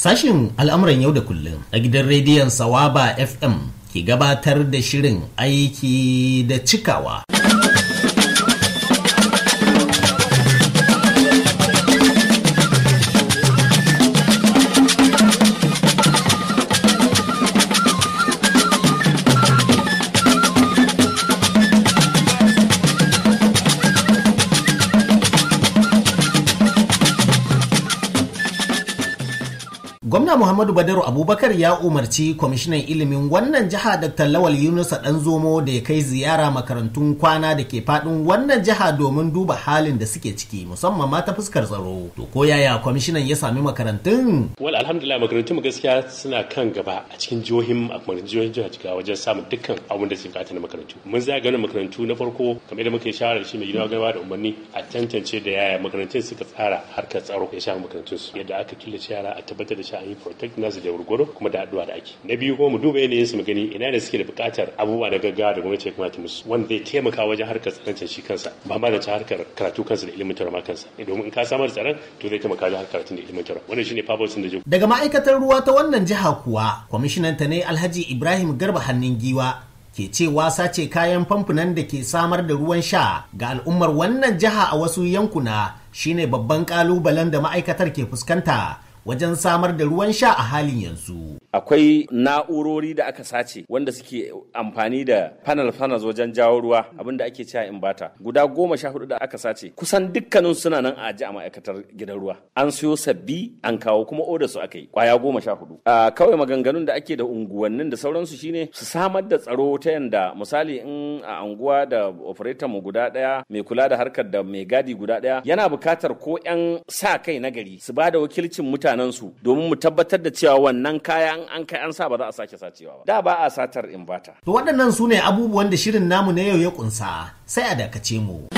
Sashin al'amuran yau da kullum a gidan rediyon Sawaba FM ke gabatar da shirin aiki da cikawa go gwamna muhammadu badaru abubakar ya umarci kwamishinan ilimin wannan jiha dr lawal yunusa dan zomo da ya kai ziyara makarantun kwana da ke faɗin wannan jiha domin duba halin da suke ciki musamman ma ta fuskar tsaro to ko yaya kwamishinan ya sami makarantun wal alhamdulillah makarantun mu gaskiya suna kan gaba a cikin jihohin makarantun jihohin jihar jigawa wajen samun dukkan abin da suke bukata na makarantu mun zaya ganin makarantu na farko kamar da muke shawarar shi mai gidawa gaba da umarni a tantance da yaya makarantun suka tsara harkar tsaro ya sha makarantun su yadda aka killace yara a tabbatar da shi protect nasu da gurguru kuma da addu'a da ake na biyu kuma mu duba yanayin su mu gani ina ne suke da bukatar abubuwa na gaggawa da gwamnati ya kamata musu wanda zai taimaka wajen harkar tsarancin shi kansa ba ma da ta harkar karatu kansa da ilimin tarama kansa eh, domin in ka samar da tsaron to zai taimaka wajen harkar karatun da ilimin wannan shine fabosin da jiha daga ma'aikatar ruwa ta wannan jiha kuwa kwamishinan ta ne Alhaji Ibrahim Garba Hannun Giwa ke cewa sace kayan famfunan da ke samar da ruwan sha ga al'ummar wannan jiha a wasu yankuna shine babban kalubalen da ma'aikatar ke fuskanta wajen samar da ruwan sha a halin yanzu akwai na'urori da aka sace wanda suke amfani da panel panels wajen jawo ruwa abin da ake cewa bata. guda goma sha hudu da aka sace kusan dukkanin suna nan a ji a ma'aikatar gidan ruwa an siyo sabbi an kawo kuma oda su aka yi kwaya goma sha hudu ah, kawai maganganun da ake da unguwannin da sauransu shine su samar da tsaro ta yanda misali in a anguwa da operator mu guda daya mai kula da harkar da mai gadi guda daya yana bukatar ko yan sa kai na gari su ba da wakilcin su domin mu tabbatar da cewa wannan kaya an an kai an sa ba za a sake sacewa ba da ba a satar inverter to waɗannan su ne abubuwan da shirin namu na yau ya kunsa sai a dakace mu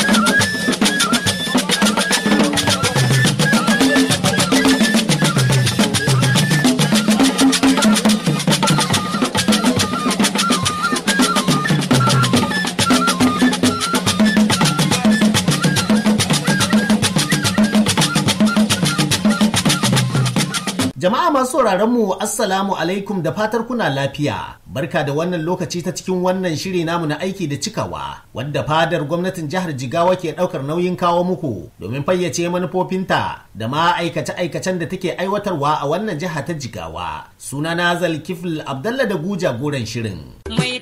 Jama'a masu sauraron mu Assalamu alaikum da fatar kuna lafiya. Barka da wannan lokaci ta cikin wannan shiri namu na aiki da cikawa, wadda fadar gwamnatin jihar Jigawa ke ɗaukar nauyin kawo muku domin fayyace manufofinta da ma aikace-aikacen da take aiwatarwa a wannan jiha ta Jigawa. Sunana Zalkifil Abdallah da Guja goren shirin. Mai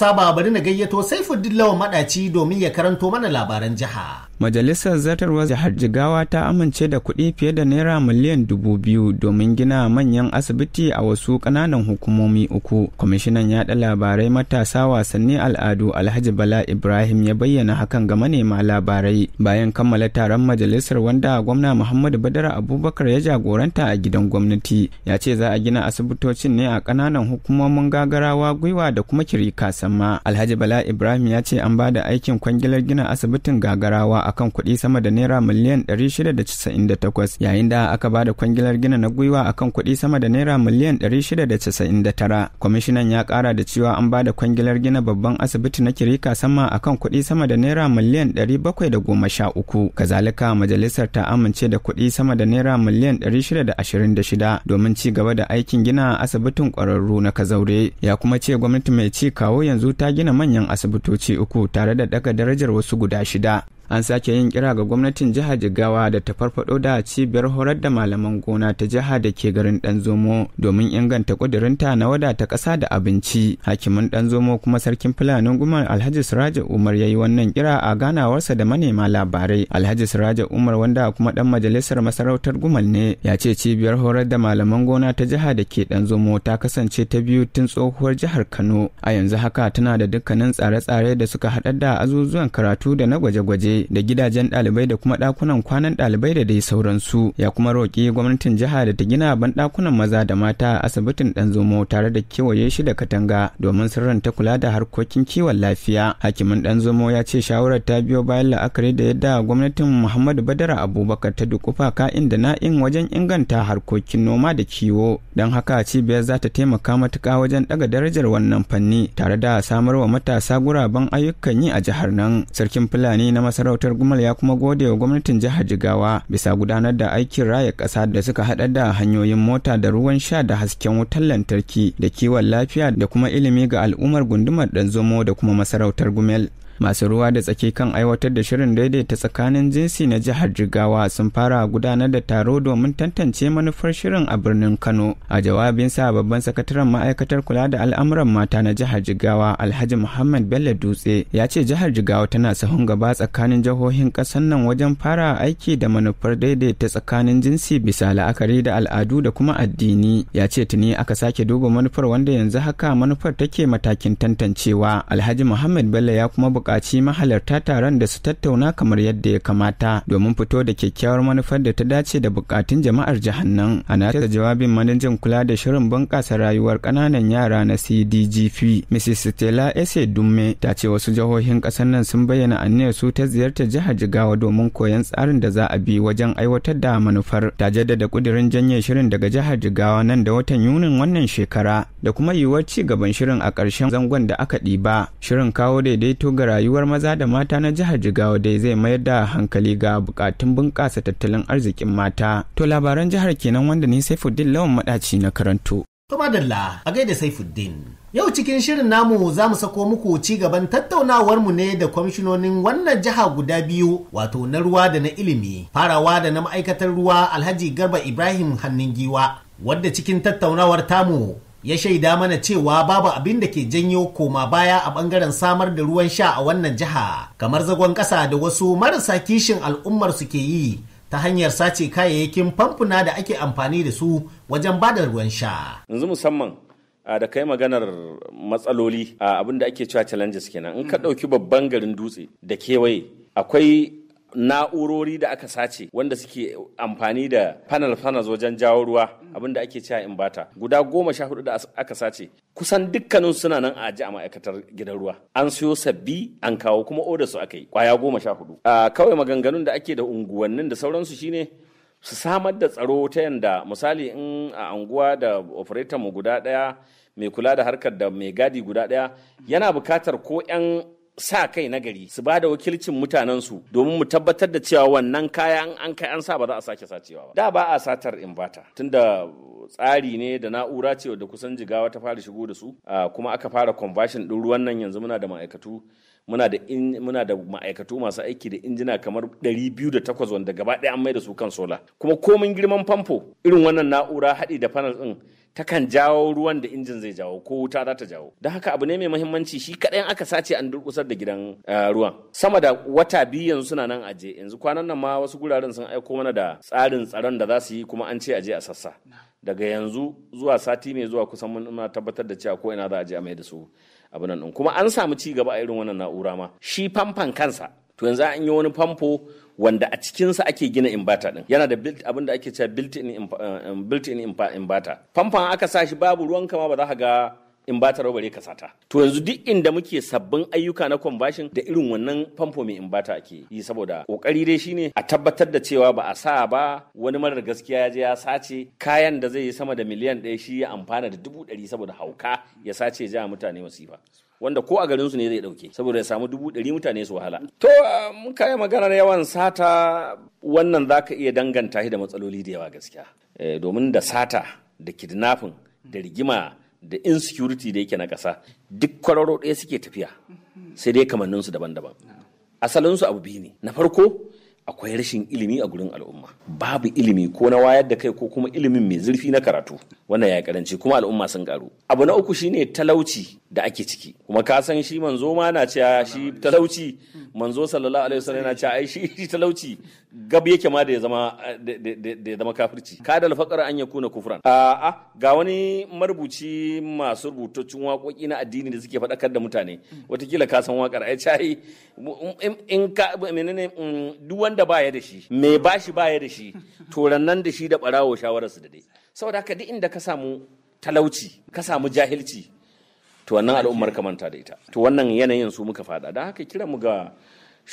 saba bari na gayyato Saifuddin Lawan Madaci domin ya karanto mana labaran jiha. Majalisar Zartarwar Jihar Jigawa ta amince da kuɗi fiye da naira miliyan dubu biyu domin gina manyan asibiti a wasu ƙananan hukumomi uku. Kwamishinan yaɗa labarai matasa wasanni al'adu Alhaji Bala Ibrahim ya bayyana hakan ga manema labarai bayan kammala taron majalisar wanda gwamna Muhammadu Badara Abubakar ya jagoranta a gidan gwamnati. Ya ce za a gina asibitocin ne a ƙananan hukumomin gagarawa gwiwa da kuma kirika Amma Alhaji Bala Ibrahim ya ce an ba da aikin kwangilar gina asibitin gagarawa akan kuɗi sama da naira miliyan 698 yayin da aka ba da kwangilar gina na gwiwa akan kuɗi sama da naira miliyan 699. Kwamishinan ya ƙara da cewa an ba da kwangilar gina babban asibiti na Kirika sama akan kuɗi sama da naira miliyan 713. Kazalika majalisar ta amince da kuɗi sama da naira miliyan 626 domin ci gaba da aikin gina asibitin ƙwararru na Kazaure. Ya kuma ce gwamnati mai ci kawo yanzu yanzu ta gina manyan asibitoci uku tare da daga darajar wasu guda shida an sake yin kira ga gwamnatin jihar jigawa da ta farfado da cibiyar horar da malaman gona ta jiha da ke garin danzomo domin inganta kudurinta na wadata ƙasa da abinci hakimin danzomo kuma sarkin fulanin gumar alhaji siraja umar ya yi wannan kira a ganawarsa da manema labarai alhaji siraja umar wanda kuma dan majalisar masarautar gumal ne ya ce cibiyar horar da malaman gona ta jiha da ke danzomo ta kasance ta biyu tun tsohuwar jihar kano a yanzu haka tana da dukkanin tsare-tsare da suka haɗar da azuzuwan karatu da na gwaje-gwaje da gidajen ɗalibai da kuma ɗakunan kwanan ɗalibai da dai sauransu ya kuma roƙi gwamnatin jiha da ta gina ban ɗakunan maza da mata a asibitin Zomo tare da kewaye shi da katanga domin sirranta kula da harkokin kiwon lafiya hakimin Zomo ya ce shawarar ta biyo bayan la'akari da yadda gwamnatin muhammadu badara abubakar ta dukufa ka'in da na'in wajen inganta harkokin noma da kiwo don haka cibiyar za ta taimaka matuka wajen ɗaga darajar wannan fanni tare da samar wa matasa guraben ayyukan yi a jihar nan sarkin fulani na masarar sarautar Gumal ya kuma gode wa gwamnatin jihar Jigawa bisa gudanar da aikin raya kasa da suka hada da hanyoyin mota da ruwan sha da hasken wutar lantarki da kiwon lafiya da kuma ilimi ga al'ummar gundumar Danzomo da kuma masarautar Gumel. masu ruwa da tsaki kan aiwatar da shirin daidaita tsakanin jinsi na jihar jigawa sun fara gudanar da taro domin tantance manufar shirin a birnin kano a jawabinsa babban sakataren ma'aikatar kula da al'amuran mata na jihar jigawa alhaji muhammad bello dutse ya ce jihar jigawa tana sahun gaba tsakanin jihohin ƙasar nan wajen fara aiki da manufar daidaita tsakanin jinsi bisa la'akari da al'adu da kuma addini ya ce tuni aka sake duba manufar wanda yanzu haka manufar take matakin tantancewa alhaji muhammad bello ya kuma buƙaci buƙaci mahalarta taron da su tattauna kamar yadda ya kamata domin fito da kyakkyawar manufar da ta dace da buƙatun jama'ar jahannan nan. A nata jawabin manajan kula da shirin bunƙasa rayuwar ƙananan yara na CDGP. Mrs. Stella Ese Dumme ta ce wasu jihohin ƙasar nan sun bayyana aniyar su ta ziyartar jihar Jigawa domin koyon tsarin da za a bi wajen aiwatar da manufar. Ta jaddada ƙudurin janye shirin daga jihar Jigawa nan da watan Yunin wannan shekara da kuma yiwuwar ci gaban shirin a ƙarshen zangon da aka ɗiba. Shirin kawo daidaito ga rayuwar maza da mata na jihar jigawa dai zai mayar da hankali ga bukatun bunƙasa tattalin arzikin mata to labaran jihar kenan wanda ni saifuddin lawan maɗaci na karanto to madalla a gaida saifuddin Yau cikin shirin namu za mu sako muku ci gaban tattaunawar mu ne da kwamishinonin wannan jiha guda biyu wato na ruwa da na ilimi farawa da na ma'aikatar ruwa Alhaji Garba Ibrahim giwa wadda cikin tattaunawar tamu ya shaida mana cewa babu abin da ke janyo koma baya a bangaren samar da ruwan sha a wannan jiha kamar zagon ƙasa da wasu marasa kishin al'ummar su ke yi ta hanyar sace kayayyakin famfuna da ake amfani da su wajen bada ruwan sha yanzu musamman da kai maganar matsaloli abin da ake cewa challenges kenan in ka mm. ɗauki babban garin dutse da kewaye akwai na'urori da aka sace wanda suke amfani da panel panels wajen jawo ruwa abinda ake cewa inverter guda goma sha hudu da aka sace kusan dukkanin suna nan a ji a ma'aikatar gidan ruwa an siyo sabbi an kawo kuma odar su aka yi kwaya goma sha hudu kawai maganganun da ake da unguwannin da sauransu shine su samar da tsaro ta yanda misali in a anguwa da operator mu guda daya mai kula da harkar da mai gadi guda daya yana bukatar ko 'yan sa kai na gari su bada da wakilcin mutanensu domin mu tabbatar da cewa wannan kayan an kai an sa ba za a sake sacewa ba da ba a satar inverter tunda tsari ne da na'ura ce da kusan jigawa ta fara shigo da su kuma aka fara conversion ɗin ruwan nan yanzu muna da ma'aikatu muna da muna da ma'aikatu masu aiki da injina kamar 208 wanda gaba ɗaya an mai da su kan sola kuma komin girman famfo irin wannan na'ura haɗi da panel ɗin takan jawo ruwan da injin zai jawo ko wuta za ta jawo don haka abu ne mai mahimmanci shi kaɗai aka sace an durkusar da gidan eh, ruwan sama da wata biyu yanzu suna nan aje yanzu kwanan nan ma wasu guraren sun aiko mana da tsarin tsaron da za su yi kuma an ce aje a sassa daga yanzu zuwa sati mai zuwa kusan mun tabbatar da cewa ko ina za a je a mai da su abu nan kuma an samu ci gaba a irin wannan na'ura ma shi famfan kansa to yanzu an yi wani famfo wanda a cikinsa ake gina imbata din yana da abin da ake cewa built-in imbata. Eh, famfan aka sa shi babu ruwan kama ba za ka ga imbata ba bare ka sata to yanzu duk inda muke sabbin ayyuka na conversion da irin wannan famfo mai imbata ake yi saboda kokari dai shine a tabbatar da cewa ba a sa ba wani marar gaskiya ya je ya sace kayan da zai yi sama da miliyan ɗaya shi ya amfana da dubu ɗari saboda hauka ya sace ja mutane wasifa. wanda ko a garin su ne zai dauke saboda ya samu dubu ɗari mutane su wahala to mun um, kai maganar yawan sata wannan zaka iya danganta shi da matsaloli da yawa gaskiya eh, domin da sata da kidnapping da rigima da insecurity da yake na ƙasa duk kwararro ɗaya suke tafiya sai dai su daban-daban asalinsu abu biyu ne na farko akwai rashin ilimi a gurin al'umma babu ilimi ko na wayar da kai ko kuma ilimin mai zurfi na karatu wannan ya karanci kuma al'umma sun karu abu na uku shine talauci da ake ciki kuma ka san shi manzo ma na cewa shi talauci manzo sallallahu alaihi wasallam na cewa ai shi talauci gab yake ma da ya zama da ya zama kafirci ka da alfaqara an yakuna kufran a ga wani marubuci masu rubutaccen waƙoƙi na addini da suke faɗakar da mutane watakila ka san waƙar ai in ka menene mm, duk wanda wanda ya da shi mai bashi baya da shi to nan da shi da barawo shawararsu da dai saboda haka duk inda ka samu talauci ka samu jahilci to wannan al'ummar ka manta da ita to wannan yanayin su muka fada da haka kira mu ga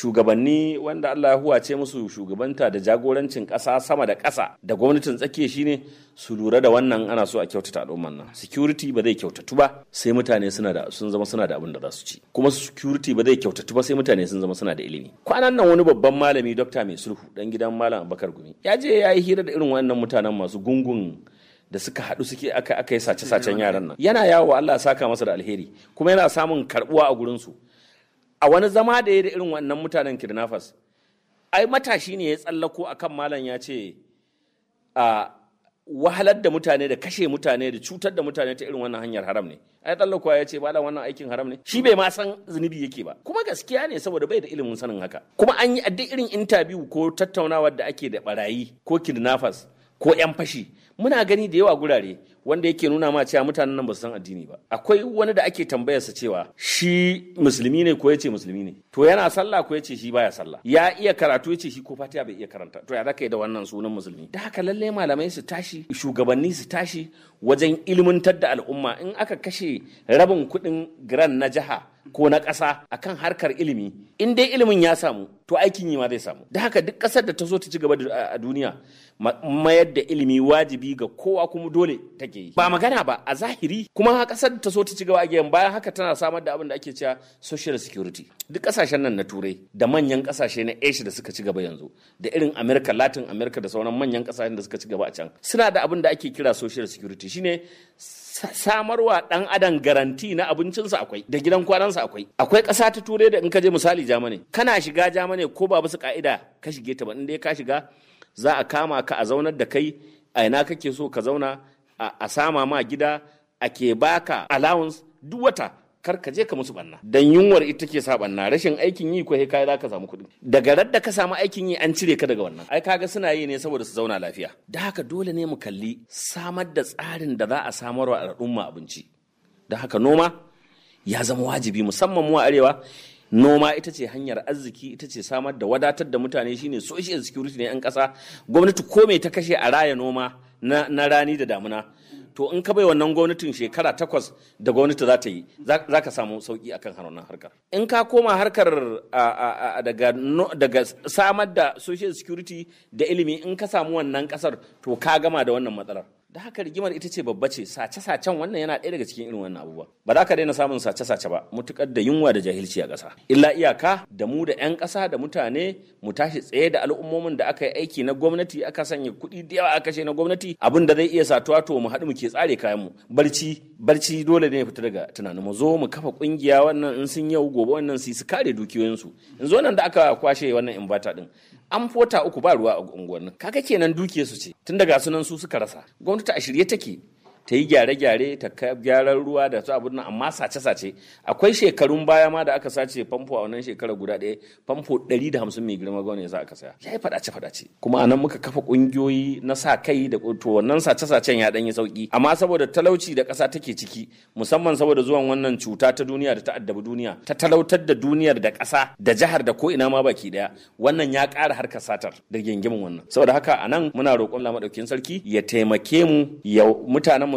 shugabanni wanda Allah ya huwace musu shugabanta da jagorancin ƙasa sama da ƙasa da gwamnatin tsakiya shine su lura da wannan ana so a kyautata al'umman nan security ba zai kyautatu ba sai mutane suna da sun zama suna da abin da za su ci kuma security ba zai kyautatu ba sai mutane sun zama suna da ilimi kwanan nan wani babban malami dokta mai sulhu dan gidan malam Abubakar Gumi ya je ya yi hira da irin wannan mutanen masu gungun da suka haɗu suke aka aka yi sace-sacen yaran nan yana yawo Allah saka masa da alheri kuma yana samun karbuwa a gurin su a wani zama da ya da irin wannan mutanen kirnafas, ai matashi ne ya tsallako akan malam ya ce a wahalar da mutane da kashe mutane da cutar da mutane ta irin wannan hanyar haram ne ai tsallakowa ya ce malam wannan aikin haram ne shi bai ma san zunubi yake ba kuma gaskiya ne saboda bai da ilimin sanin haka kuma an yi a duk irin interview ko tattaunawar da ake da barayi ko kidnappers ko yan fashi muna gani da yawa gurare wanda yake nuna ma cewa mutanen nan ba su san addini ba akwai wani da ake tambayarsa cewa shi musulmi ne ko yace musulmi ne to yana sallah ko yace shi baya sallah ya iya karatu yace shi ko fatiha bai iya karanta to ya zaka yi da wannan sunan musulmi da haka lalle malamai su tashi shugabanni su tashi wajen ilmantar da al'umma in aka kashe rabin kuɗin gran na jiha ko na ƙasa akan harkar ilimi in dai ilimin ya samu to aikin yi ma zai samu da haka duk ƙasar da ta zo ta ci gaba a duniya mayar da ilimi wajibi ga kowa kuma dole take yi ba magana ba a zahiri kuma ƙasar da ta zo ta ci gaba a gefen bayan haka tana samar da abin da ake cewa social security duk ƙasashen nan na turai da manyan ƙasashe na asia da suka ci gaba yanzu da irin america latin america da sauran manyan ƙasashen da suka ci gaba a can suna da abin da ake kira social security shi shine samarwa dan adam garanti na abincinsa akwai da gidan kwanansa akwai akwai ƙasa ta turai da in ka je misali jamani kana shiga jamani ko ba bisa ka'ida ka shige ta ba in dai ka shiga za a kama ka a zaunar da kai a ina kake so ka zauna a sama ma gida a ke baka allowance duk wata kar ka je ka musu banna dan yunwar ita ke sa banna rashin aikin yi ko he kai zaka samu kuɗi daga radda ka samu aikin yi an cire ka daga wannan ai kaga suna yi ne saboda su zauna lafiya da haka dole ne mu kalli samar da tsarin da za a samar wa al'umma abinci da haka noma ya zama wajibi musamman mu a arewa noma ita ce hanyar arziki ita ce samar da wadatar da mutane shine social security ne 'yan ƙasa gwamnati ko me ta kashe a raya noma na, rani da damuna to in ka bai wannan gwamnatin shekara takwas da gwamnati za ta yi za ka samu sauki akan wannan harkar in ka koma harkar daga samar da social security da ilimi in ka samu wannan kasar to ka gama da wannan matsalar da haka rigimar ita ce babba ce sace-sacen wannan yana ɗaya daga cikin irin wannan abubuwa ba za ka daina samun sace-sace ba mutukar da yunwa da jahilci a ƙasa illa iyaka da mu da 'yan ƙasa da mutane mu tashi tsaye da al'ummomin da aka yi aiki na gwamnati aka sanya kuɗi da yawa aka kashe na gwamnati abin da zai iya satuwa to mu haɗu mu ke tsare kayan mu barci barci dole ne fita daga tunanin mu zo mu kafa kungiya wannan in sun yau gobe wannan su kare dukiyoyinsu in zo nan da aka kwashe wannan inverter din an fota uku ba ruwa a unguwannin kaga kenan duke su ce tun daga sunan su suka rasa gwamnati a shirye take ta yi gyare-gyare ta gyaran ruwa da su abin nan amma sace-sace akwai shekarun baya ma da aka sace famfo a wannan shekara guda ɗaya famfo 150 mai girma gwamnati ya sa aka saya ya yi fadace-fadace kuma anan muka kafa ƙungiyoyi na sa kai da to wannan sace-sacen ya dan yi sauki amma saboda talauci da ƙasa take ciki musamman saboda zuwan wannan cuta ta duniya da ta addabi duniya ta talautar da duniyar da ƙasa da jihar da ko ina ma baki ɗaya wannan ya ƙara harkar satar da gingimin wannan saboda haka anan muna roƙon lamaɗaukin sarki ya taimake mu ya mutanen mu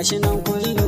Achei não kullum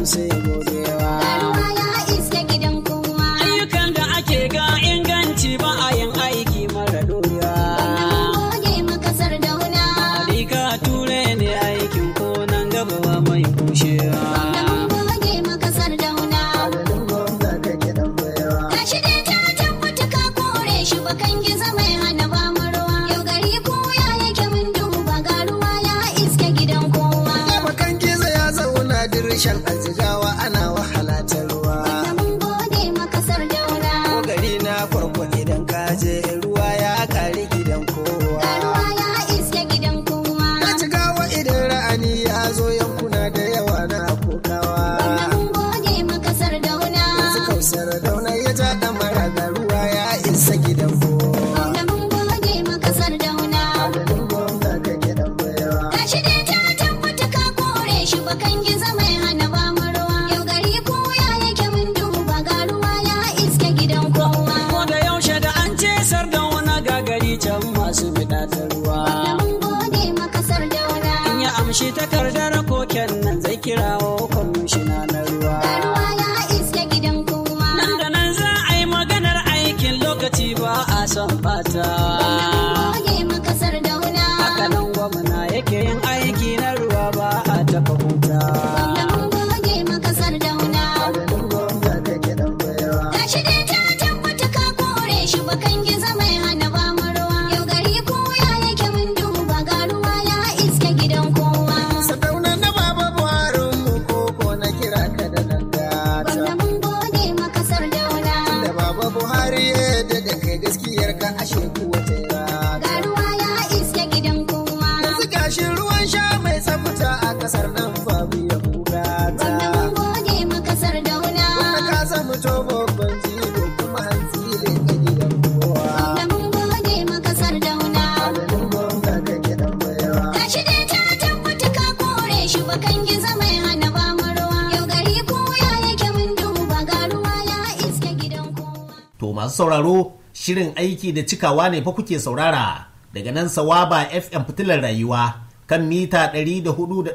sauraro shirin aiki da cikawa ne fa kuke saurara daga nan sawaba FM fitilar rayuwa kan mita 104.9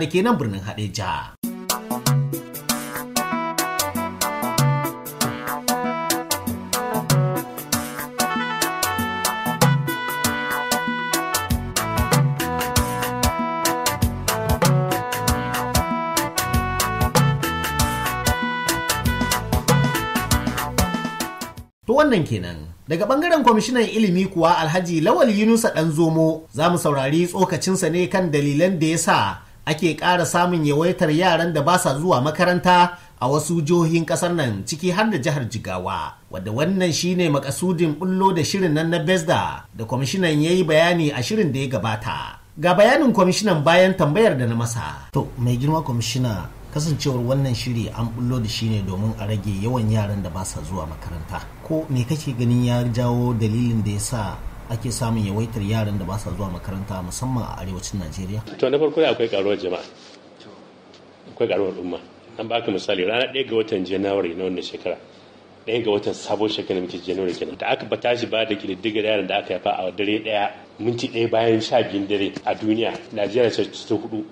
da ke nan birnin haɗeja. wannan kenan daga bangaren kwamishinan ilimi kuwa alhaji lawal yunusa dan zomo za mu saurari tsokacinsa ne kan dalilan da ya sa ake ƙara samun yawaitar yaran da ba sa zuwa makaranta a wasu jihohin ƙasar nan ciki har da jihar jigawa wadda wannan shine makasudin bullo da shirin nan na besda da kwamishinan ya yi bayani a shirin da ya gabata ga bayanin kwamishinan bayan tambayar da na masa to mai girma kwamishina kasancewar wannan shiri an bullo da shi ne domin a rage yawan yaran da ba sa zuwa makaranta ko me kake ganin ya jawo dalilin da ya sa ake samun yawaitar yaran da ba sa zuwa makaranta musamman a arewacin najeriya to na farko akwai karuwar jama'a akwai karuwar umma an baka misali ranar ɗaya ga watan janairu na wannan shekara ɗaya ga watan sabon shekara mace janairu kenan da aka bata shi ba da kididdigar yaran da aka haifa a dare ɗaya minti ɗaya bayan sha biyun dare a duniya najeriya ce ta hudu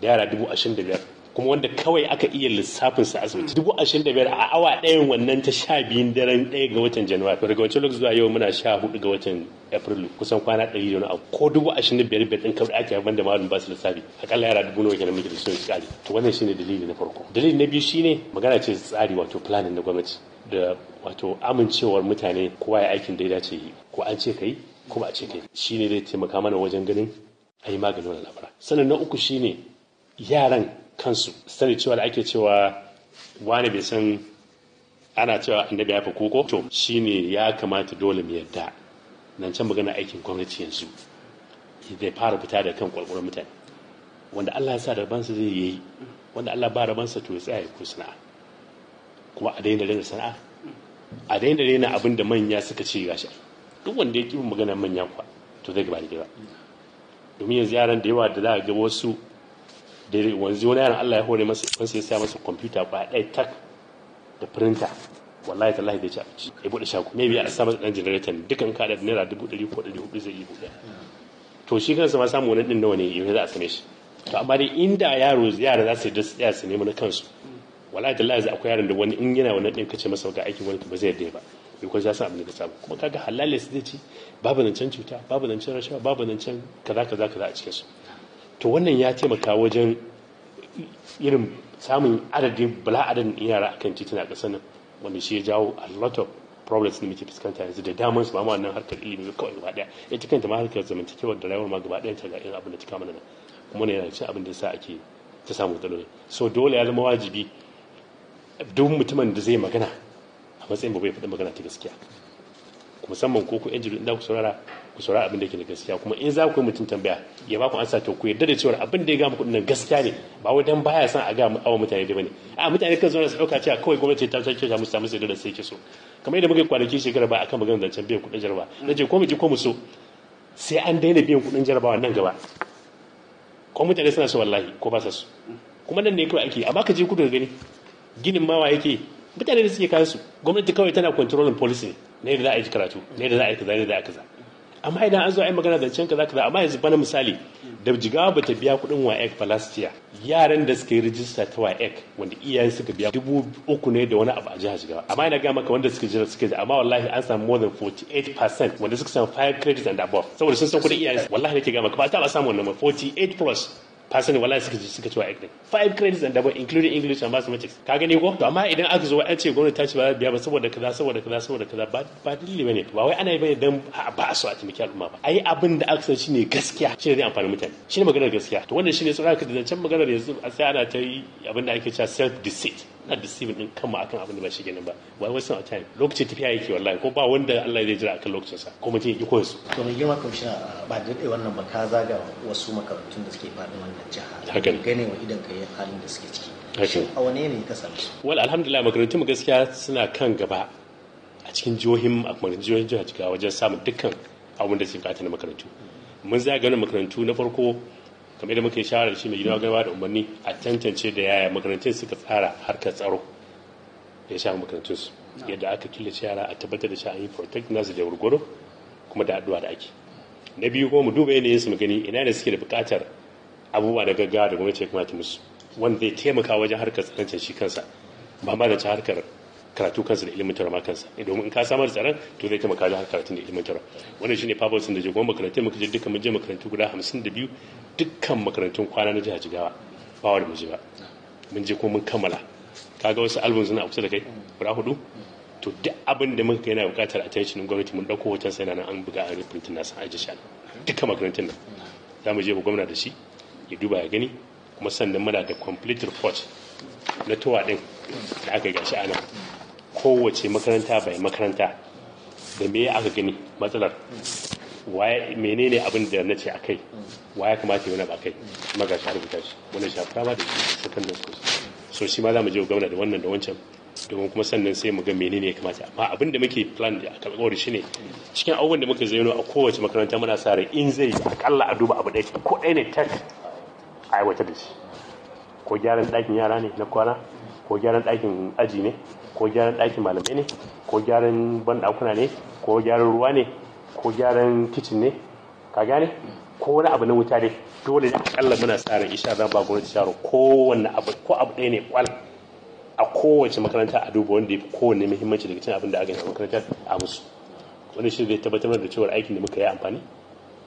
da yara dubu ashirin da biyar kuma wanda kawai aka iya lissafin sa asibiti dubu ashirin da biyar a awa ɗayan wannan ta sha biyun daren ɗaya ga watan januwari to daga wancan lokaci zuwa yau muna sha hudu ga watan afrilu kusan kwana ɗari da wani ko dubu ashirin da biyar biyar kawai ake ban da malum ba su lissafi akalla yara dubu nawa kenan muke da sun tsari to wannan shine dalili na farko dalili na biyu shine magana ce tsari wato planning na gwamnati da wato amincewar mutane kowa ya aikin da ya dace yi ko an ce kai ko ba a ce kai shine zai taimaka mana wajen ganin a yi maganin wannan labara sannan na uku shine yaran kansu sani cewa da ake cewa wani bai san ana cewa annabi ya fi koko to shine ya kamata dole mu yadda nan can magana aikin gwamnati yanzu zai fara fita da kan kwalkwalar mutane wanda Allah ya sa rabansa zai yi wanda Allah ba sa to ya tsaya ko sana'a kuma a daina daina sana'a a daina daina abin da manya suka ce gashi duk wanda ya kiwo magana manya kwa to zai gaba da gaba domin yanzu yaran da yawa da za a ga wasu daidai wanzu wani yana Allah ya hore masa kansa ya sa masa kwamfuta ba ɗaya tak da printer wallahi tallahi zai ci abinci ya buɗe shago maybe a sa ɗan dan generator dukan ka da naira dubu ɗari ko ɗari hudu zai yi buɗe to shi kansa ma samu wani ɗin nawa ne yau za a same shi to amma dai inda yaro yara za su yi tsaya su nemi na kansu wallahi tallahi akwai yaron da wani in yana wani ɗin kace masa ga aikin wani ba zai yarda ba because ya san abin da samu kuma kaga su zai ci babu nan can cuta babu nan can rashawa babu nan can kaza kaza kaza a cikin su to wannan ya taimaka wajen irin samun adadin bala adadin yara a kan titina ƙasar nan wanda shi ya jawo a lot of problems da muke fuskanta yanzu da daman su ba ma nan harkar ilimi kawai gaba daya ita kanta ma harkar zamantakewar da rayuwar ma gaba daya ta ga irin abin da ta kama nan kuma ne yana cin abin da yasa ake ta samu matsaloli so dole ya zama wajibi duk mutumin da zai magana a matsayin ba bai faɗi magana ta gaskiya musamman ko ku yan jirgin da ku saurara ku saura abin da yake da gaskiya kuma in za ku yi mutum tambaya ya ba ku ansa to ku yarda da cewa abin da ya ga muku gaskiya ne ba wai dan baya san a ga awa mutane da bane a mutane kan zuwa su dauka cewa kawai gwamnati ta sake ta musu musu da sai ke so kamar yadda muke kwanaki shekara ba akan maganar zancen biyan kuɗin jarabawa na ce ko mu ji ko mu so sai an daina biyan kuɗin jarabawa nan gaba ko mutane suna so wallahi ko ba sa so kuma nan ne kawai ake amma ka je kudu gani ginin mawa yake mutane da suke kansu gwamnati kawai tana controlling policy ne da za a yi karatu ne da za a yi kaza ne da za a kaza amma idan an zo ai magana zancen kaza kaza amma yanzu bana misali da jigawa bata biya kuɗin ek palastia yaran da suka yi rijista ta wa ek wanda iyaye suka biya dubu uku ne da wani abu a jihar jigawa amma ina gaya maka wanda suka jira suka ji amma wallahi an samu more than 48% wanda suka samu fire credits and above saboda sun san kudin iyaye wallahi ke gaya maka ba ta ba samu wannan 48 plus fasani wallahi suka ji suka ci wa ɗin five credits and double including english and mathematics ka gani ko to amma idan aka zo an ce gwamnati ta ce ba biya ba saboda kaza saboda kaza saboda kaza ba ba dalili bane ba wai ana yi bane dan ba a so a taimaki al'umma ba ai abin da aka san shine gaskiya shine zai amfani mutane shine maganar gaskiya to wannan shine tsara ka da can maganar yanzu sai ana ta yi abin da ake cewa self deceit na deceiving din kanmu akan abin da ba shi ganin ba why wasting our time lokacin tafiya yake wallahi ko ba wanda Allah zai jira akan lokacin sa ko mutum yake koyi su to mai girma kamshina ba da dai wannan ba ka zaga wasu makarantun da suke faɗin wannan jiha haka gane wa idan kai halin da suke ciki shin a wane ne ka samu wal alhamdulillah makarantun mu gaskiya suna kan gaba a cikin jihohin a makarantun jihohin jiha wajen samun dukkan abin da suke bukata na makarantu mun zaga ganin makarantu na farko kamar da muke shawarar shi mai gida gaba da umarni a tantance da yaya makarantun suka tsara harkar tsaro ya sha makarantun su yadda aka killace yara a tabbatar da sha'ani protect nasu da gurguru kuma da addu'a da ake na biyu kuma mu duba yanayin su mu gani ina da suke da bukatar abubuwa da gaggawa da gwamnati ya kamata musu wanda zai taimaka wajen harkar tsarancin shi kansa ba ma da harkar karatu kansa da ilimin ma kansa eh, domin in ka samar da tsaron to zai taimaka da karatun da ilimin wannan shine fabosin da jigon makarantu muka je dukkan mun je makarantu guda 52 dukkan makarantun kwana na jihar Jigawa ba wani mu ba mun je kuma mun kammala kaga wasu album suna kusa da kai guda hudu to duk abin da muka yana bukatar attention gwamnati mun dauko hoton sai nan an buga an reprint san aje shi dukkan makarantun nan za mu je ga gwamna da shi ya duba ya gani kuma sannan muna da complete report na towa din da aka yi gashi nan kowace makaranta bai makaranta da me aka gani matsalar waye menene abin da na ce a kai waye kamata yi wani ba kai kuma ga shi ta shi wannan ba da secondary so shi ma za mu je gwamna da wannan da wancan domin kuma sannan sai mu ga menene ya kamata amma abin da muke plan da aka shi ne cikin abubuwan da muke zayyano a kowace makaranta muna sa rai in zai akalla a duba abu yake ko ɗaya ne tech a aiwatar da shi ko gyaran dakin yara ne na kwana ko gyaran dakin aji ne ko gyaran ɗakin malamai ne ko gyaran banɗakuna ne ko gyaran ruwa ne ko gyaran kicin ne ka gane ko wani abu na wuta ne dole ne akalla muna sa ran isha ba gwamnati sharo kowanne abu ko abu ɗaya ne kwal a kowace makaranta a duba wanda ya fi kowanne muhimmanci daga cikin abin da aka yi a makarantar a musu wani shi zai tabbatar da cewa aikin da muka yi amfani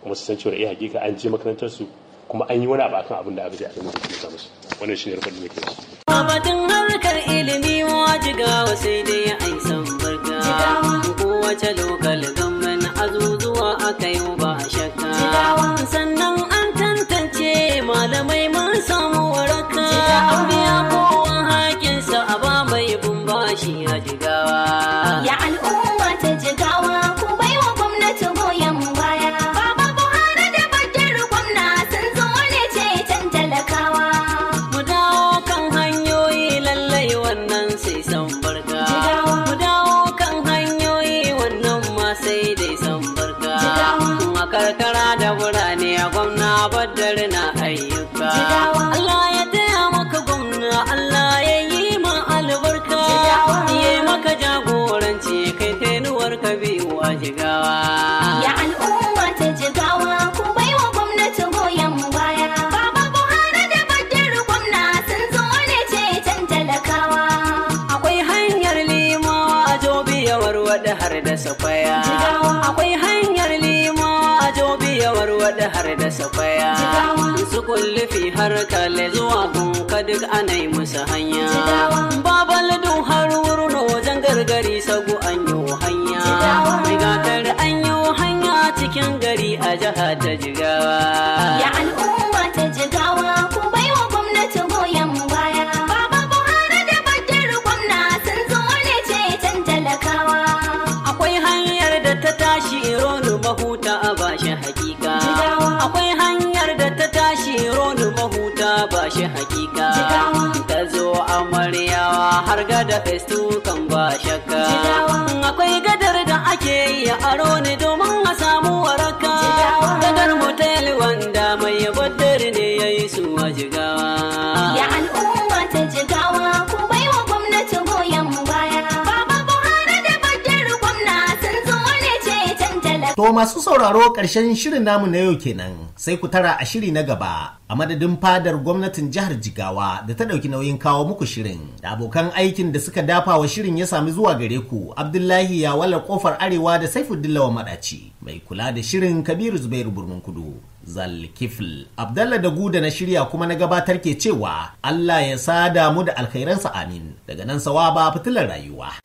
kuma su san cewa eh hakika an je makarantar su kuma an yi wani abu akan abin da aka yi a makarantar musu wani shi ne rufin da muke yi jigawa sai dai ya aisa barka kowace lokaci har da safaya su kullufi har kalle zuwa gunka duk ana yi musu hanya da festu kan ba shakka. masu sauraro ƙarshen shirin namu na yau kenan sai ku tara a shiri na gaba a madadin fadar gwamnatin jihar Jigawa da ta ɗauki nauyin kawo muku shirin da abokan aikin da suka dafa wa shirin ya sami zuwa gare ku Abdullahi Yawala kofar Arewa da saifu dillawa Madaci mai kula da shirin Kabiru Zubairu birnin Kudu Zalkifl Abdallah da Guda na shirya kuma na gabatar ke cewa Allah ya sada mu da alkhairansa amin daga nan sawa ba fitilar rayuwa.